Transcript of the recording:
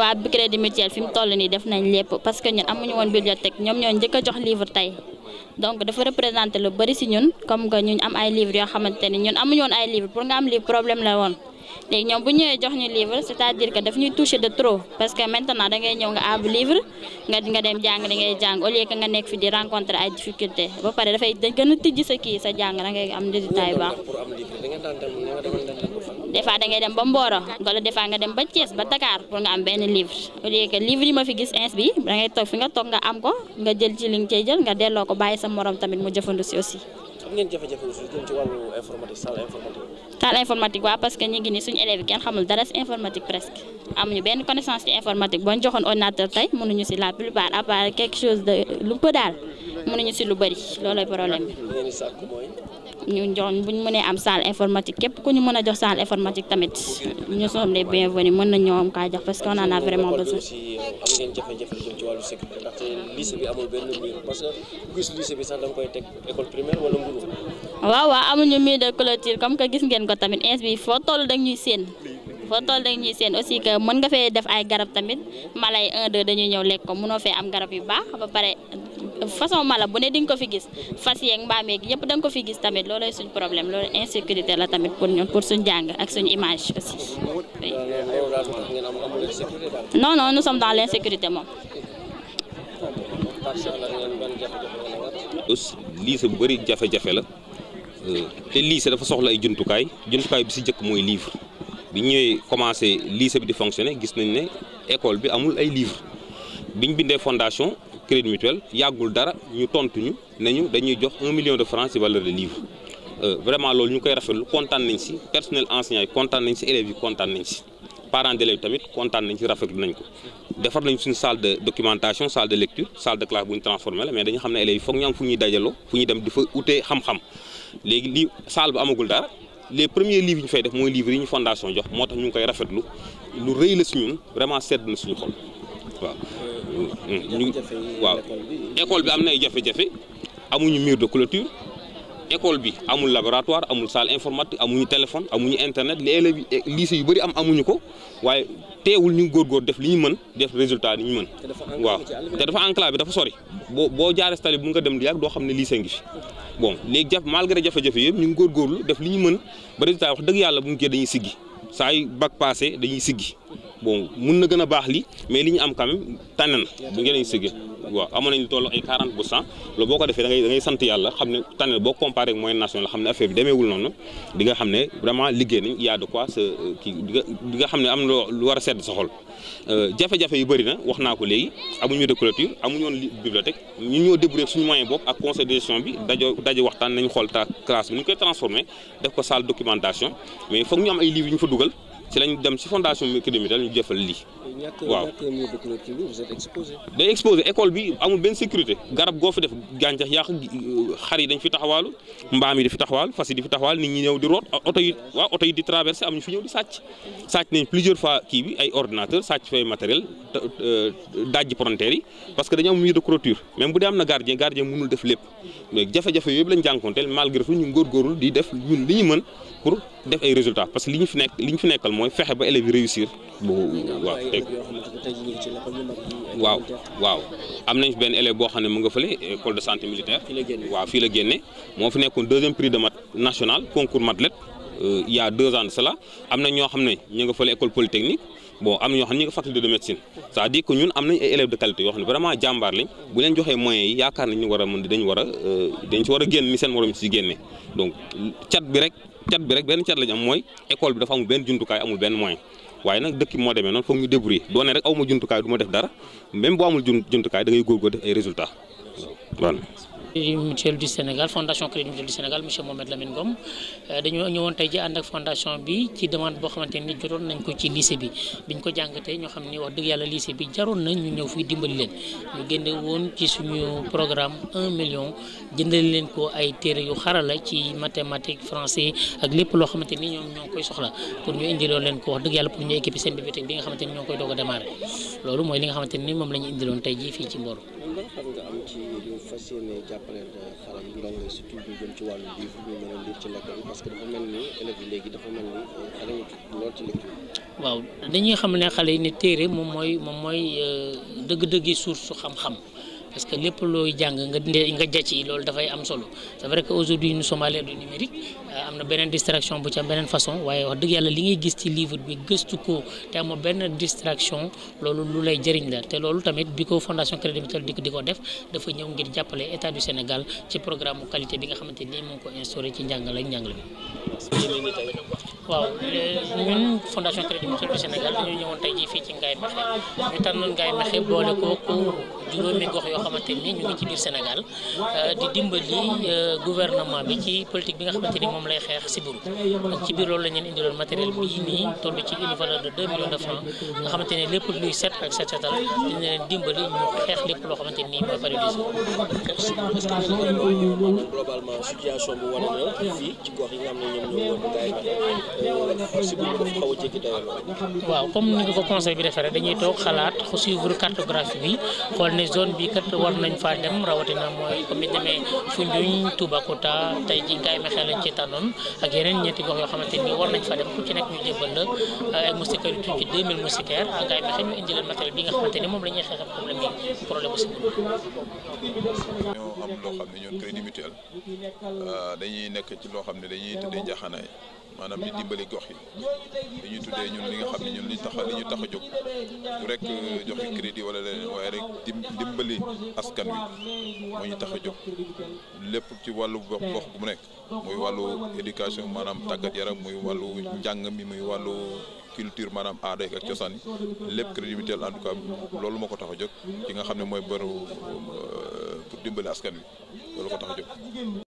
waa crédit mutuel fi mu toll nii def nañ lépp parce que ñun amuñu woon bibliothèque ñoom ñoo njëkk a jox livre tey donc dafa représenté lu bëri si ñun comme que ñun am ay livres yoo xamante ñun amuñu woon ay livre pour nga am livre problème la woon léegi ñoom bu ñëwee jox ñu livre c'est-à-dire que daf ñuy touché de trop parce que maintenant da ngay ñëw nga ab livre nga dem jàng da ngay jàng au lieu nga nekk fi di rencontrer ay difficulté ba pare des fois da ngay dem ba Mboro wala des fois nga dem ba Thiès ba Dakar pour nga am benn livre au lieu que livre yi ma fi gis ins bi da toog fi nga toog nga am ko nga jël ci li nga cey jël nga delloo ko bàyyi sa morom tamit mu jëfandu si aussi. am ngeen jafe-jafe aussi informatique salle informatique. salle parce que ñu ngi ni suñu élèves yi kenn xamul dara si informatique presque amuñu benn connaissance ci informatique boo ñu joxoon ordinateur tey ñu si la plupart à part quelque chose de lu peu daal si lu bëri loolooy problème bi. ñu jox bu ñu mënee am salle informatique képp ku ñu mën a jox salle informatique tamit ñu sommes les bienvenus mën nañ ñoo am kaa jox parce que on a amuñu mur de clôture comme que gis ngeen ko tamit ins bi foo toll da ñuy séen. foo toll da ñuy seen aussi que mën nga fee def ay garab tamit mala yi 1 ñëw lekk ko mënoo fee am garab yu baax ba pare façon mala bu ne di nga ko fi gis fas yeeg mbaam yeeg danga ko fi gis tamit loolooy suñ problème loolu insécurité la tamit pour ñun pour suñ jàng ak suñ image aussi non non nous sommes moom aussi bu bëri jafe-jafe la euh, te lycée dafa soxla ay jumtukaay jumtukaay bi si jëkk mooy livre bi ñëwee commencé liise bi di fonctionner gis nañ ne école bi amul ay livre ñu bindee fondation crédit mutuel yàggul dara ñu tontuñu ne ñu dañuy jox un million de francs ci valeur de livre euh, vraiment loolu ñu koy rafet lu kontaan nañ si personnel enseignant kontaan nañ ci élèves yi kontaan nañ ci parents d'élèves tamit kontaan nañ ci rafetlu nañ ko defar nañ suñu salle de documentation salle de lecture salle de classe bu ñu transformé la mais dañu xam ne élèves yi foog ñu am fu ñuy dajaloo fu ñuy dem di fa xam-xam léegi lii salle bu amagul dara les premiers livres fay def mooy livres yi ñu fondation jox moo tax ñu ngi koy rafetlu lu si ñun vraiment suñu xol Euh, mm, mm. waaw. ñu waaw école bi am na ay jafe-jafe amuñu miir de clôture ecole bi amul laboratoire amul salle informatique amuñu téléphone amuñu internet les élèves eh, yu bëri am amuñu ko waaye teewul ñu góorgóor def li ñu mën def résultat li ñu mën. waaw te dafa enclave bi dafa sori. boo boo jaaree tali bu nga dem di yàgg doo xam ne lycée ngi fi bon léegi jaf malgré jafe-jafe yëpp ñu ngi góorgóorlu def li ñu mën ba résultat yi wax dëgg yàlla bu ñu koy dañuy siggi saa yu bac dañuy siggi. bon mun na gën a baax li mais li ñu am quand même tànn na bu ngeen ay sëggee waaw amoon nañu toll ay 40 pour cent loolu boo ko defee da sant yàlla xam ne tànn boo comparé ak moyenne nationale xam ne affaire bi demeewul noonu nga xam ne vraiment liggéey nañ y a de quoi sa euh, nga xam ne am na lu war a sedd sa xol euh, jafe-jafe yu bëri na wax naa ko léegi amuñu de clôture amuñu woon bibliothèque ñun ñoo débrouillé suñu moyen bopp ak conseil de bi dajo dajo waxtaan nañ xool ta classe bi ñu koy transformé def ko salle documentation mais foog ñu am ay livres yu ñu fa dugal ci lañ dem ci fondation Kër Mittal ñu jëfal lii waaw day exposé école bi amul benn sécurité garab goo fi def gàncax yàq euh, xar yi dañ fi taxawaalu mbaam yi di fi taxawaal fas yi di fi taxawaal nit ñi ñëw di root oto yi waaw oto yi di traversé am ñu fi ñëw di sàcc sàcc nañ plusieurs fois kii bi ay ordinateur sàcc fay matériel euh, dajji frontières yi parce que dañu am mur de clôture même bu dee am na gardien gardien mënul def lépp jafe-jafe yooyu lañ jànkonteel malgré tout ñu góorgóorlu di def ñun ñu mën pour def ay résultats parce li ñu fi nekk li ñu fi nekkal mooy fexe ba élèves yi tey waaw waaw am nañ fi benn élève boo xam ne mu nga fële école de santé militaire waaw fii la génne moo fi nekkoon deuxième prix de math national concours Matlet euh, il y a deux ans de am na ñoo xam ne ñu nga fële école polytechnique bon am na ñoo xam ne ñu nga faculté de médecine c'est-à-dire que ñun am nañ ay élèves de qualité yoo xam ne vraiment jàmbaar lañ bu leen joxee moyens yi yaakaar nañ ñu war a mën dañ war a euh, dañ a génn ni seen morom si génne donc cat bi rek cat bi rek benn cat lañ am mooy école bi dafa amul benn jumtukaay amul benn moyen waaye nag dëkk moo demee noonu foog ñu débrouiller doo ne rek aw jumtukaay du ma def dara même boo amul jumtukaay da ngay góorgóorlu def ay résultats waaw Crédit Mutuel du Sénégal fondation Crédit Mutuel du Sénégal monsieur Mohamed Lamine Ngom euh, dañoo ñëwoon tey ji ànd ak fondation bi ci demande boo xamante ni jotoon nañ ko ci lycée bi biñ ko jàngatee dimbali leen ñu génne ci suñu programme un million jëndal leen ko ay téere yu xarala ci mathématiques français ak lépp loo xamante ni ñoom ñoo koy soxla pour ñu indiloon leen ko wax dëgg yàlla pour ñu équiper seen bibliothèque bi nga xamante ni ñoo koy doog a la ñu indiloon tey ji jàppale euh, xaram ci wàllu livre ñu ci lekk parce que dafa mel ni élèves léegi dafa mel ni euh, xale lool ci lecture waaw dañuy xam ne xale yi ne téere moom mooy moom mooy euh, dëgg-dëggi source su xam-xam parce que lépp looy jàng nga dindee nga jàcci loolu dafay am solo c'est vrai que aujourd'hui nous sommes à du numérique euh, am na beneen distraction bu ci am beneen façon waaye wax dëgg yàlla li ngay gis ci livre bi gëstu ko te amoo benn distraction loolu lu lay jëriñ la te loolu tamit bi ko fondation Crédit Mutuel dikk di ko def dafa ñëw ngir jàppale état du Sénégal ci programme qualité bi nga xamante ni moo ngi ko instauré ci njàngale ak njàngale bi waaw ñun fondation Crédit Mutuel du Sénégal dañoo ñëwoon tey jii fii ci Ngaye Mekhe ñu tànnoon Ngaye Mekhe boole ko ko juróomi gox yoo xamante ni ñu ngi ci biir Sénégal euh, di dimbali euh, gouvernement bi ci politique bi nga xamante ni moom lay xeex si buru ci biir loolu la ñu leen indiloon matériel bii nii toll ci une valeur de 2 millions de francs nga xamante ni lépp luy set ak set setal dañu leen dimbali ñu xeex lépp loo xamante ni mooy paralysé. est-ce que globalement situation bi wane na fii gox yi nga waaw comme ni nga ko conseil bi defee rek dañuy toog xalaat suivre cartographie bi xool ne zone bi kat war nañ faa dem rawatina mooy comme ni demee Foundiougne Toubacouta tey ji Ngaye Mékhé lañ ci tànnoon ak yeneen ñetti gox yoo xamante ni war nañ faa dem ci nekk ñu jébbal la euh, ay moustiquaires yu tudd ci 2000 moustiquaires ak Ngaye bi nga xamante ni moom la ñuy xeexal problème bi problème bu am loo xam ne ñun crédit mutuel euh, dañuy nekk ci loo xam ne dañuy tëddee njaxanaay maanaam di dimbali gox yi li tuddee ñun li nga xam ne ñun li tax li ñu tax a jóg du rek euh, joxe crédit wala leneen waaye rek dimbali askan ñu tax a jóg lépp ci wàllu gox gox bu nekk muy wàllu éducation maanaam tàggat yaram muy wàllu njàng mi muy wàllu culture maanaam aada ak cosaan yi lépp crédit mutuel en tout cas loolu moo ko tax a jóg ki nga xam ne mooy bëru euh, dimbali askan wi loolu ko tax a jóg.